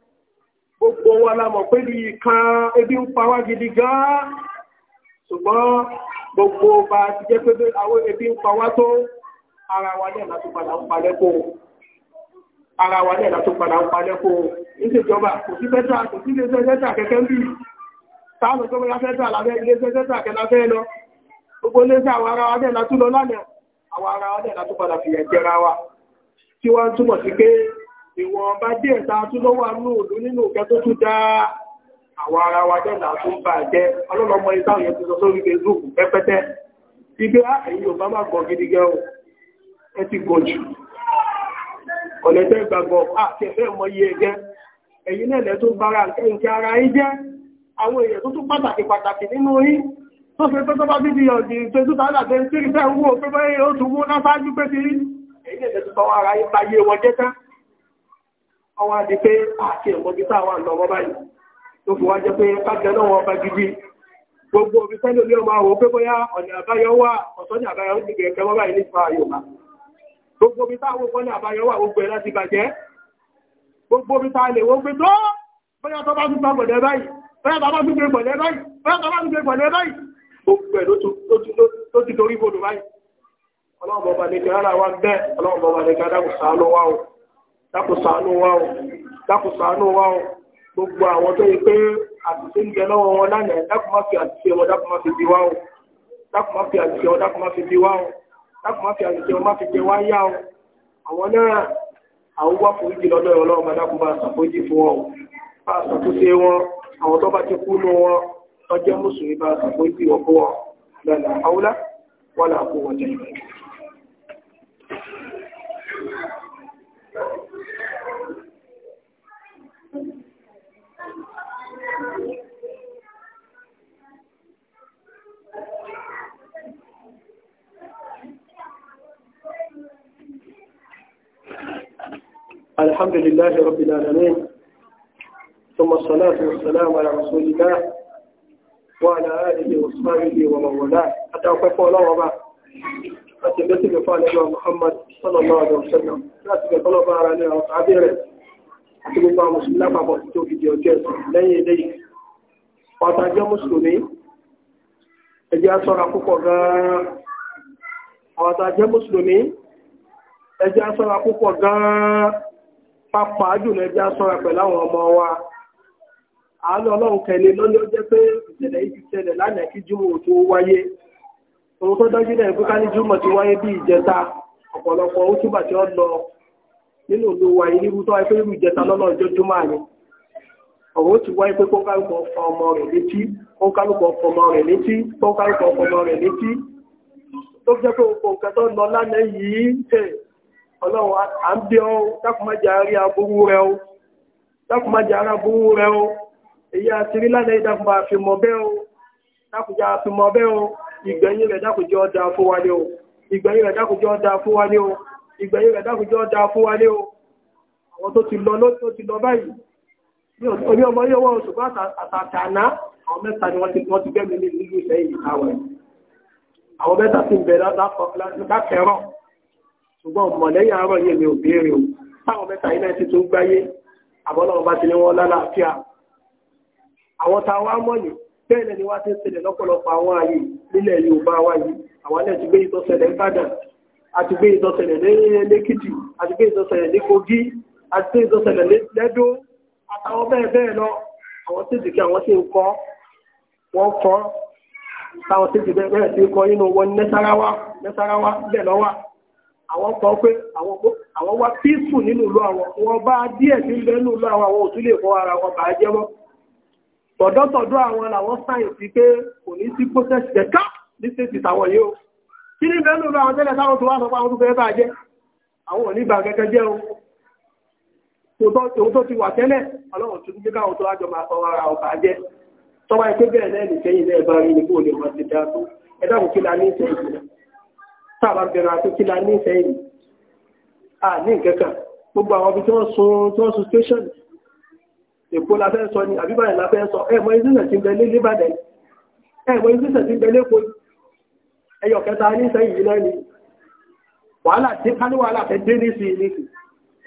gbogbo wa la mọ̀ pé bí ebi ń pa wá gidi gan ṣùgbọ́n gbogbo ọba ti jẹ́ pé àwọn ebi ń pa wá tó ara wa náà láti padà ń padà ìṣèjọba kò sí fẹ́tà kò sí iléeṣẹ́ fẹ́tà kẹ́kẹ́ ń bì tó lábẹ́ kẹ́lá fẹ́ lọ gbogbo àwọn ara wa lọ lánàá ìwọ̀n bá díẹ̀ ta tún lọ́wọ́ nínú ìkẹ́ tó tún dá àwọn ara wa jẹ́ bà jẹ́ ọlọ́lọ́mọ ìtàwọn yẹn ti facebook pẹ́pẹ́tẹ́ ah, bá gọ̀ gidi ẹ ti gọ̀ jù ọ̀lẹ́tẹ́ ìgbàgbọ́ ah, ẹ̀yìn náà ara jẹ́ àwọn èèyàn tó tún pàtàkì pàtàkì nínú tó fẹ́ bíbi tààdà tí ìfẹ́ pé bẹ́ẹ̀ ti rí ẹ̀yìn náà ọwọ́ adi pé àti ẹ̀mọ́jú táwọn àlọ́ ọmọ báyìí tó fi wá jẹ́ pé kájẹ́ náà wọ́n bá gidi gbogbo omi sẹ́lẹ̀ ní ọmọ àwọn pépóyá ọ̀nà àbáyọ wà ọ̀tọ́ ní àbáyọ ní gẹ̀ẹ́kẹ́ wọ́n báyìí nípa Yorùbá gbogbo omi táwọn ọkọ̀ ní àbáyọ wà gbogbo ẹ̀ láti bàjẹ́ gbogbo omi táwọn lè wọ́n pé tó bóyá tó bá tún gbọ̀dẹ̀ báyìí bóyá tó bá tún gbọ̀dẹ̀ báyìí bóyá tó bá tún gbọ̀dẹ̀ báyìí gbogbo ẹ̀ ló ti torí bodò báyìí ọlọ́run bọ̀ bàdé kẹ́ dákùsàánú wá o dákùsàánú wá o gbogbo àwọn tó yẹ pé àtìsí ń jẹ lọ́wọ́ wọn lánàá dákùmá fi àtìsí wọn dákùmá fi di wá o dákùmá fi àtìsí wọn dákùmá fi di wá o dákùmá fi àtìsí wọn má fi jẹ wá yá o àwọn náà àwọn wá fún ìjì lọ́dọ̀ ọlọ́run bá dákùmá àṣàkójì fún wọn o bá àṣàkóso wọn àwọn tó bá ti kú nù wọn ọjọ́ mùsùlùmí bá àṣàkójì wọn fún wọn lọ́nà àwùlá wọn là kó wọn jẹ الحمد لله رب العالمين ثم الصلاة والسلام على رسول الله وعلى آله وصحبه ومن والاه أتوقف الله وما أتبت بفعل محمد صلى الله عليه وسلم لا تبقى الله على الله وتعبيره أتبقى مسلمة فأبقى في ديوتيس لن يديه وأتعجى مسلمين ẹjẹ́ aṣọ́ra púpọ̀ gan-an àwọn àtàjẹ́ mùsùlùmí ẹjẹ́ aṣọ́ra pápá jùlọ ẹjá sọ́ra pẹ̀lú àwọn ọmọ wa àánú ọlọ́run kẹlẹ̀ lọ́lẹ́ ó jẹ́ pé ìṣẹ̀lẹ̀ yìí ti ṣẹlẹ̀ lánàá kí jùmọ̀ tó wáyé òun tó dájú náà pé ká ní jùmọ̀ ti wáyé bí ìjẹta ọ̀pọ̀lọpọ̀ ó túbà tí ó lọ nínú ìlú wa yìí níbi tó wáyé pé irú ìjẹta lọ́nà ọjọ́ jùmọ̀ àní ọ̀rọ̀ ó ti wáyé pé kókálùkọ̀ fọ ọmọ rẹ̀ létí kókálùkọ̀ fọ ọmọ rẹ̀ létí kókálùkọ̀ fọ ọmọ rẹ̀ létí tó jẹ́ pé òkò nǹkan tó lọ lánàá yìí tẹ̀ ọlọ́run à ń bí ọ́ dákùnmájà rí aburú rẹ o dákùnmájà rí aburú rẹ o èyí àti rí lánàá yìí dákùnmá fi mọ bẹ́ẹ̀ o dákùnjà fi mọ bẹ́ẹ̀ o ìgbẹ̀yìn rẹ̀ dákùnjẹ́ ọ̀dà fún wa ní o ìgbẹ̀yìn rẹ̀ dákùnjẹ́ ọ̀dà fún wa ní o ìgbẹ̀yìn rẹ̀ dákùnjẹ́ ọ̀dà fún wa ní o àwọn tó ti lọ ló ti lọ báyìí orí ọmọ yóò wọ́n oṣù ni wọ́n ti gbẹ́mìí nílùú ìṣẹ́yìn ìtawẹ̀ àwọn mẹ́ta ti ṣùgbọ́n mọ̀lẹ́yìn àárọ̀ yìí mi ò béèrè o táwọn mẹ́ta iná ti tún gbáyé àbọ́lọ́wọ́ bá ti ní wọ́n lálàáfíà àwọn tá a wá mọ̀ yìí bẹ́ẹ̀ ni wá ti ṣẹlẹ̀ lọ́pọ̀lọpọ̀ àwọn ààyè nílẹ̀ Yorùbá wa yìí àwọn ti gbé ìtọ́sẹ̀lẹ̀ ń àti gbé ìtọ́sẹ̀lẹ̀ lẹ́kìtì àti gbé ìtọ́sẹ̀lẹ̀ ní Kogi àti gbé ìtọ́sẹ̀lẹ̀ lẹ́dó àtàwọn bẹ́ẹ̀ bẹ́ẹ̀ lọ àwọn àwọn ń kọ́ wọ́n kọ́ táwọn ti kọ́ nínú wọn àwọn kan pé àwọn wá píìsù nínú ìlú àwọn wọn bá díẹ̀ sí ilẹ̀ nínú ìlú àwọn àwọn òtún lè fọ́ ara wọn bàá jẹ́ mọ́ tọ̀dọ́tọ̀dọ́ àwọn làwọn sáyẹ̀ sí pé kò ní sí process ẹ̀ká ní yìí ó kí ní bẹ́ẹ̀ àwọn tẹ́lẹ̀ táwọn tó wá sọ pé àwọn tó o ti wà tẹ́lẹ̀ ọlọ́run tó ní káwọn tó wájọ máa ọba jẹ́ tọ́wọ́ ẹgbẹ́ bẹ́ẹ̀ náà nìkẹ́yìn náà bá rí ní ẹ kí la ní táàbà bẹ̀rẹ̀ àti kí la nífẹ̀ẹ́ yìí a ní nǹkankan gbogbo àwọn ibi tí wọ́n sun tí station èkó la fẹ́ sọ ni àbíbáyé la fẹ́ sọ ẹ mọ ìsísẹ̀ ti bẹ lélé bàdẹ̀ ẹ mọ ìsísẹ̀ ti bẹ lẹ́kọ̀ọ́ ẹyọ kẹta ní sẹ́yìn yìí lẹ́ni wàhálà tí ká ní wàhálà fẹ́ dé nísì nísì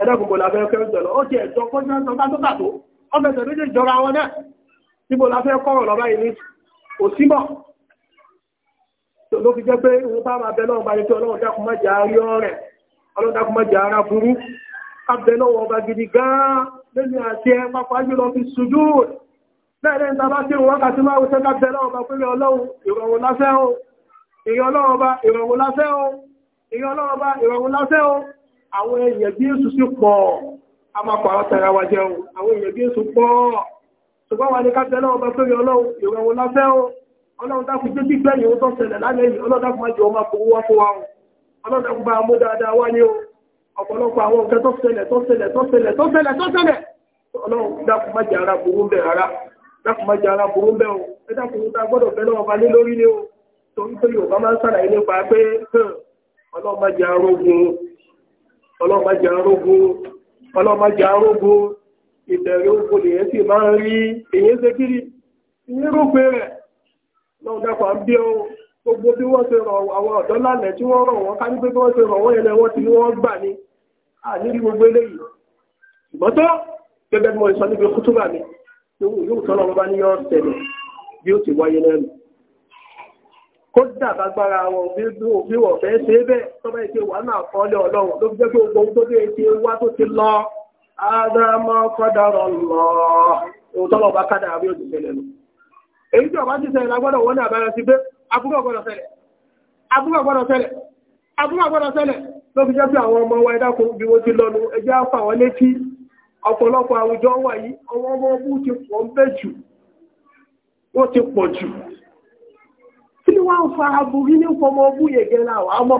ẹ̀dẹ́gbogbo la fẹ́ kẹ́ jọlọ ó ti ẹ̀jọ́ kọjá sọ bá tó bà tó ọmọ ẹ̀sẹ̀ méjì jọra wọn náà ló fi jẹ́ pé òun bá máa bẹ̀lọ́ ọba yìí tí ọlọ́run dákun má jẹ́ àárí ọ̀rẹ́ ọlọ́run dákun má jẹ́ ara burú abẹ́lọ́ ọba gidi gan-an lẹ́nu àti ẹ pápá jùlọ fi ṣùjú bẹ́ẹ̀rẹ́ ń tàbá kí wọ́n kàtí máa wùsẹ́ kábẹ́lọ́ ọba pẹ̀lú ọlọ́run ìrọ̀rùn láfẹ́ o ìrọ̀lọ́run ọba ìrọ̀rùn láfẹ́ o ìrọ̀lọ́run ọba ìrọ̀rùn láfẹ́ pẹ̀lú ọlọ́run ìrọ̀rùn láfẹ́ o ọlọ́run dákun jẹ́ gbígbẹ́ ìwọ́n tó ṣẹlẹ̀ lálẹ́ yìí ọlọ́run dákun májọ ọmọ àpòwò wá fún wa o ọlọ́run dákun bá mú dáadáa wá ní o ọ̀pọ̀lọpọ̀ ara ara o ẹ dákun ta gbọ́dọ̀ fẹ́ lọ́wọ́ balẹ̀ lórí ni o torí pé yorùbá máa ń sàlàyé nípa pé ọlọ́run na dápà ń bí o gbogbo bí wọ́n ṣe rọ àwọn ọ̀dọ́ lálẹ́ tí wọ́n rọ̀ wọ́n kájú pé bí wọ́n ṣe rọ̀ wọ́n yẹn ti wọ́n gbà ní àníri gbogbo eléyìí ṣùgbọ́n tó gẹ́gẹ́ bí mo sọ níbi mi yóò tọ́ lọ́wọ́ bá ní yọ́ ṣẹlẹ̀ bí ó ti wáyé lẹ́nu wọn bí wà náà kọ́lé ọlọ́run ló fi jẹ́ gbogbo ohun tó dé èyí tí ọba ti ṣẹlẹ̀ lágbọ́dọ̀ wọ́n ní àbára sí pé abúgbọ̀ gbọ́dọ̀ ṣẹlẹ̀ abúgbọ̀ gbọ́dọ̀ ṣẹlẹ̀ abúgbọ̀ gbọ́dọ̀ ṣẹlẹ̀ ló fi jẹ́ bí àwọn ọmọ wa ẹ̀dákun bí wọ́n ti lọ́nu ẹjẹ́ àfà wọn létí ọ̀pọ̀lọpọ̀ àwùjọ wà yìí ọwọ́ ọmọ ọmú ti pọ̀ ń bẹ̀ jù wọ́n ti pọ̀ jù kí ni wọ́n fa aburú ní fọmọ ọmú yẹ̀gẹ́ làwọn àmọ́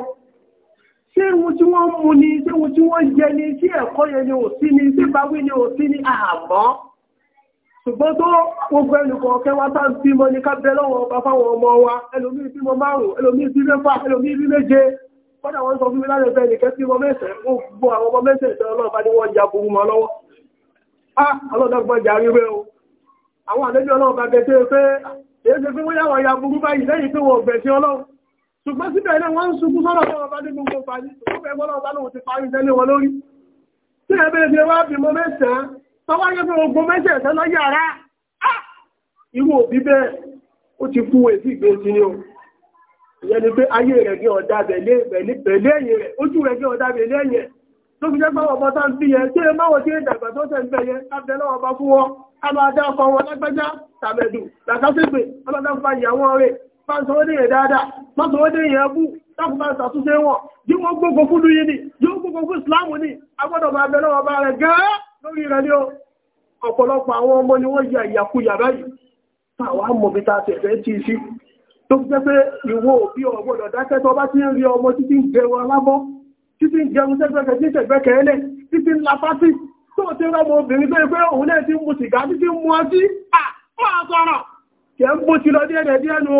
ṣé ohun tí wọ́n mú ni ṣé ohun tí wọ́n jẹ ni ṣé ẹ̀kọ́ ṣùgbọ́n tó gbogbo ẹnìkọ̀ kẹwàá tá ń bímọ ní kábẹ́ lọ́wọ́ ọba fáwọn ọmọ wa ẹlòmíì bímọ márùn-ún ẹlòmíì bí mẹ́fà ẹlòmíì bí méje kọ́dà wọ́n sọ fún mi lálẹ́ bẹ́ẹ̀ nìkẹ́ bímọ mẹ́sẹ̀-ẹ́ gbogbo àwọn ọmọ mẹ́sẹ̀-ẹ́ ọlọ́ọ̀bá ni wọ́n ya burú mọ́ lọ́wọ́ ah, ọlọ́dọ́gbọ́n jà rí rẹ̀ o àwọn àlejò ọlọ́ọ̀bá bẹ̀ tẹ́ pé èyí ṣe fún wíyàwó ya burú báyìí lẹ́yìn pé wọ́n gbẹ̀ sí ọlọ́run ṣùgbọ́n síbẹ̀ ilẹ̀ wọ́n ń ṣubú sọ́rọ̀ ọlọ́ọ̀bá ní gbogbo pàdé ṣùgbọ́n bẹ̀ ọlọ́ọ̀bá lóhun ti parí ìdẹ́lé wọn lórí tí ẹgbẹ́ ìgbẹ́ tó wáyé fún ogun mẹ́sẹ̀ẹ̀sẹ́ lọ́yẹ̀ ara irú òbí bẹ́ẹ̀ ó ti kú èsì ìgbé sí ni o ìyẹn ni pé ayé rẹ̀ ní ọ̀dá bẹ̀lẹ́ ẹ̀yìn rẹ̀ ojú rẹ̀ ní ọ̀dá bẹ̀lẹ́ ẹ̀yìn rẹ̀ tó fi jẹ́gbọ́ ọmọ tá ń bí yẹn tí ẹmáwọ̀ tí ìdàgbà tó tẹ̀ ń bẹ̀ yẹn lábẹ́ lọ́wọ́ bá fún wọn a máa dá ọkọ̀ wọn lágbájá tàbẹ̀dù làkásígbè ọlọ́dá fa ìyàwó rẹ̀ bá ń sọ wọ́n dẹ̀yẹ̀ dáadáa má sọ wọ́n dẹ̀yẹ̀ ẹbú láti bá ṣàtúnṣe wọn yóò gbogbo fún lóyìn ni yóò gbogbo fún ìsìláàmù ni agbọ́dọ̀ máa bẹ lọ́wọ́ bá rẹ̀ gẹ́ẹ́ lórí rẹ̀ ní ọ̀pọ̀lọpọ̀ àwọn ọmọ ni wọ́n yà ìyàkuyà báyìí tàwa mọ̀bí ta tẹ̀fẹ́ tí sí tó jẹ́ pé ìwọ òbí ọgbọ́dọ̀ dákẹ́ tó bá ti ń rí ọmọ títí ń jẹun alábọ́ títí ń jẹun tẹ́gbẹ́kẹ́ tí tẹ̀gbẹ́kẹ́ ẹlẹ́ títí ń lapátí tó ti rọ́mọ obìnrin bẹ́ẹ̀ pé òun náà ti ń mu sìgá títí ń mu ọtí àpá sọ̀rọ̀ kẹ́ ń bó ti lọ díẹ̀ díẹ̀ nu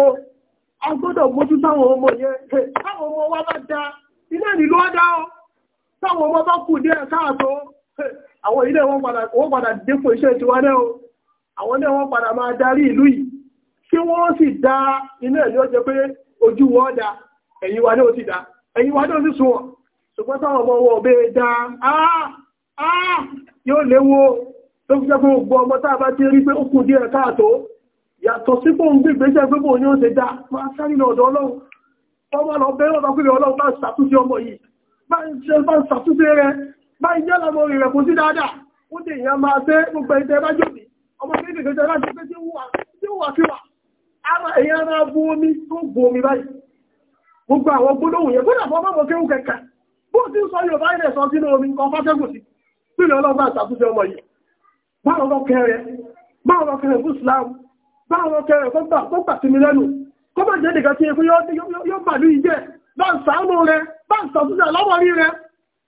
a gbọ́dọ̀ mójú táwọn ọmọ yẹn táwọn ọmọ wa bá da iná ìlú ọ̀dà ọ táwọn ọmọ bá kù díẹ̀ káàtó àwọn ilé wọn padà dínkù iṣẹ́ tiwa náà o àwọn ilé wọn padà máa darí ìlú yìí kí wọ́n sì dá iná ẹ̀ ló jẹ́ pé ojú wọn dá ẹ̀yìn wa náà ti dá ẹ̀yìn wa náà sì sùn wọ́n ṣùgbọ́n táwọn ọmọ wọn òbí dá yóò léwo tó fi jẹ́ pé gbogbo ọmọ tá a bá ti rí pé ó kù díẹ̀ káàtó yàtọ̀ sí fóun gbígbésẹ̀ gbogbo ní ó ṣe dá máa sáré lọ ọ̀dọ̀ ọlọ́run ọmọ lọ bẹ́rẹ̀ ọ̀dọ̀ pínlẹ̀ ọlọ́run bá ṣàtúnṣe ọmọ yìí bá ṣàtúnṣe rẹ̀ ma jẹ́ lọ́mọ orin rẹ̀ kò sí dáadáa ó dè èèyàn máa ṣe gbogbo ìtẹ́ bá jòbí ọmọ kéékèèké tẹ́ bá ṣe pé tí ó wà kí wà ara èèyàn máa bu omi tó omi báyìí gbogbo àwọn fọ́ mọ́mọ́ bó ti ń sọ ilẹ̀ sọ sínú omi sí ọmọ yìí kẹrẹ kẹrẹ fún Islam kẹrẹ sí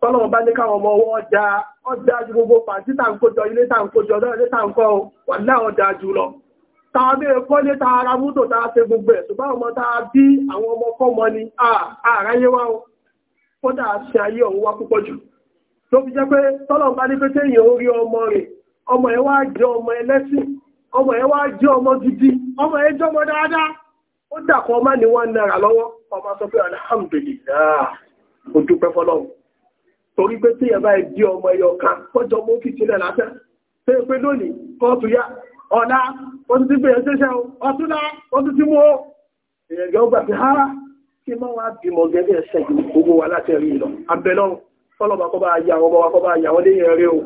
tọ́lọ́wọ́ bá ní káwọn ọmọ ọwọ́ ọjà ọjà ju gbogbo pàtí tàǹkójọ ilé tàǹkójọ lọ́rẹ̀ tàǹkọ́ wà láwọn ọjà jù lọ tàà bèèrè kọ́lé tàà ṣe gbogbo ẹ̀ ṣùgbọ́n ọmọ bí àwọn ọmọ ni wá o kódà ṣe ayé ọ̀hún wá púpọ̀ jù tó fi jẹ́ pé tọ́lọ́wọ́ bá ní orí ọmọ rẹ̀ ọmọ ẹ̀ wá jẹ́ ọmọ ẹlẹ́sìn ọmọ ẹ̀ wá jẹ́ ọmọ torí pé tí ẹ̀bá ìdí ọmọ ẹyọ kan kọjọ mú kìí sílẹ̀ látẹ́ tí ó pé lónìí kọ́ọ̀tù yá ọ̀la wọ́n ti ti bẹ̀rẹ̀ ṣẹ́ṣẹ́ ọ̀túnlá wọ́n mú ó ìrẹ̀gẹ́ ó gbà pé ha kí mọ́ wá bímọ gẹ́gẹ́ ẹ̀ṣẹ́ gbogbo wa láti rí lọ abẹ́lọ́ fọlọ́mà kọ́ bá ya àwọn ọmọ wa kọ́ bá ya àwọn léyìn rẹ o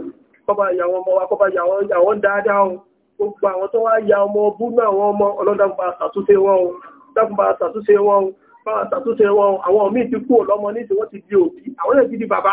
kọ́ bá ya àwọn ọmọ wa kọ́ bá ya àwọn dáadáa o gbogbo àwọn tó wá ya ọmọ ọbú náà àwọn ọmọ ọlọ́dàkùn bá ṣàtúnṣe wọn o dákùn bá ṣàtúnṣe wọn o bá ṣàtúnṣe wọn o àwọn míì ti kú ọlọ́mọ ní ìsìn wọ́n ti di òbí àwọn èèyàn ti di bàbá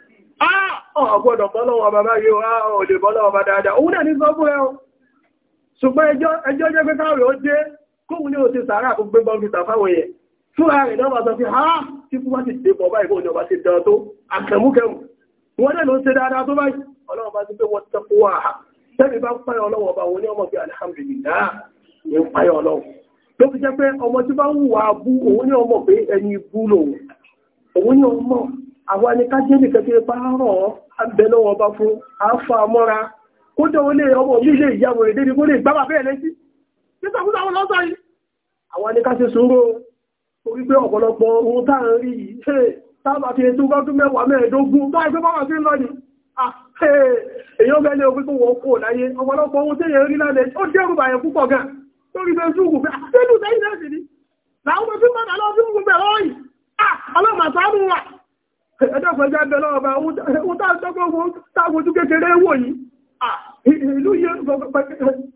ọ̀gbọ́dọ̀ bọ́lọ́wọ́ bàbá yóò á òdè bọ́lọ́wọ́ bá dáadáa òun náà ní sọ fún ẹ o ṣùgbọ́n ẹjọ́ jẹ́ pé káàrẹ̀ ó dé kóhun ní òsì sàárà fún gbé bọ́ǹkìtà fáwọn yẹn fúnra rẹ̀ náà sọ fi ha tí fún wáṣì dé bọ̀ báyìí bóun ọba ti dán tó àkẹmúkẹmù wọn náà ló ń ṣe dáadáa tó báyìí ọlọ́wọ́ bá ti pé wọ́n tẹ́kọ̀ wá ha tẹ́bi bá ń pààyàn ọlọ́wọ́ bá wọn ní ọmọ bíi alihamdulilah ní ń pààyàn ọlọ́wọ́ tó fi jẹ́ pé ọmọ tí bá ń wà bú òun ní ọmọ pé ẹni bú lòun òun ní ọmọ àwọn ẹnikájẹ́ nìkan tí bá rọ̀ abẹ lọ́wọ́ ọba fún àáfà mọ́ra kó jẹ́ olè ọmọ mi lè yà wòrè débi kó lè gbá bàbá ẹ̀ lẹ́sí nítorí àwọn lọ́sọ̀ yìí àwọn ẹnikájẹ́ sòrò orí pé ọ̀pọ̀lọpọ̀ ohun tá à ń rí yìí tábà fi ètò gbọ́dún mẹ́wàá mẹ́ẹ̀ẹ́dógún bá ẹgbẹ́ bá wà sí lọ́nìí èyí ó mẹ́lẹ̀ ogun tó wọ́n kò láyé ọ̀pọ̀lọpọ̀ ohun tí èyàn rí lálẹ́ ó dẹ́rù bàyẹ̀ púpọ̀ gan lórí facebook pé àtẹ́lù tẹ́yìn náà sì ní làwọn ọmọ tí mọ́ta lọ́wọ́ sí gbogbo ẹ̀rọ yìí ọlọ́mà sáánú wà ẹ̀dọ́gbọ̀njẹ́ abẹ́ lọ́wọ́ bá ohun táàgbọ́gbọ́ táàgbójú kékeré wò yìí ìlú yìí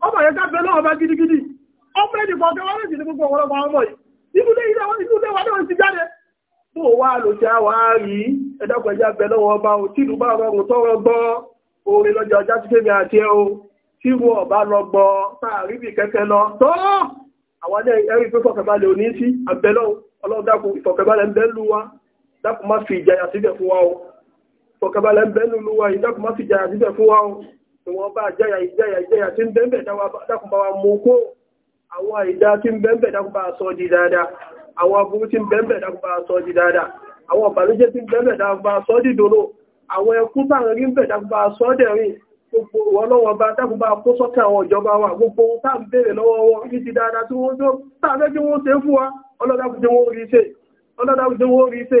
ọmọ yẹn jábẹ́ lọ́wọ́ bá gidigidi ọmọ ẹni kọ̀ọ̀kẹ́ wọ́n rẹ̀ sí ní gbogbo ọ̀pọ̀lọpọ̀ ọmọ yìí inú ilé wa náà ti jáde tó wà ló já wà rí ẹ̀dọ́gbọ̀njẹ́ abẹ́ lọ́wọ́ bá ohun tí ìlú bá rọrùn tọrọ gbọ́ orin lọ́jọ́ ọjà tí kémi àti ẹ o tí wo ọ̀bá lọ gbọ́ sáàrí bì kẹ́kẹ́ lọ tó àwọn ẹ̀rí pé fọkànbalẹ̀ òní sí abẹ́lọ́ ọlọ́dàkùn ìfọkànbalẹ̀ ń bẹ́ dákun má fi ìjayà síbẹ̀ fún wa o fọkàbalẹ̀ ń bẹ́ẹ̀ lulú wa yìí dákun má fi ìjayà síbẹ̀ fún wa o ìwọ̀n bá ìjayà ìjayà ìjayà tí ń bẹ́ẹ̀ bẹ́ẹ̀ dákun bá wa mú kó àwọn àìdá tí ń bẹ́ẹ̀ bẹ́ẹ̀ dákun bá a sọ di dáadáa àwọn aburú tí ń bẹ́ẹ̀ bẹ́ẹ̀ dákun bá a sọ di dáadáa àwọn ọ̀bàlújẹ́ tí ń bẹ́ẹ̀ bẹ́ẹ̀ dákun bá a sọ di dòdò àwọn ẹkú táwọn rí ń bẹ́ẹ̀ dákun bá a sọ dẹ̀rìn gbogbo ọlọ́wọ́ bá dákun bá kó sọ́kẹ́ àwọn ìjọba wa gbogbo ohun tá ń béèrè lọ́wọ́ wọn ní ti dáadáa tí wọ́n tó tàbí kí wọ́n ṣe fún wa ọlọ́dàkùn tí wọ́n rí ṣe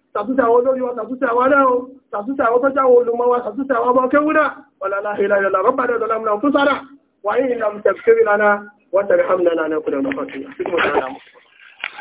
ṣàtúnṣe àwọn olórí wa ṣàtúnṣe àwọn náà o ṣàtúnṣe àwọn tọ́jà àwọn olùmọ̀ wa ṣàtúnṣe àwọn ọmọ kéwúnà ọ̀làlá ìlànà rọ́bàdà ìlànà tó sára wà ní ìlànà tẹ̀síkiri lánàá wọ́n tẹ̀lé hàmìnà lánàá kúrò lọ́kọ̀ọ́kì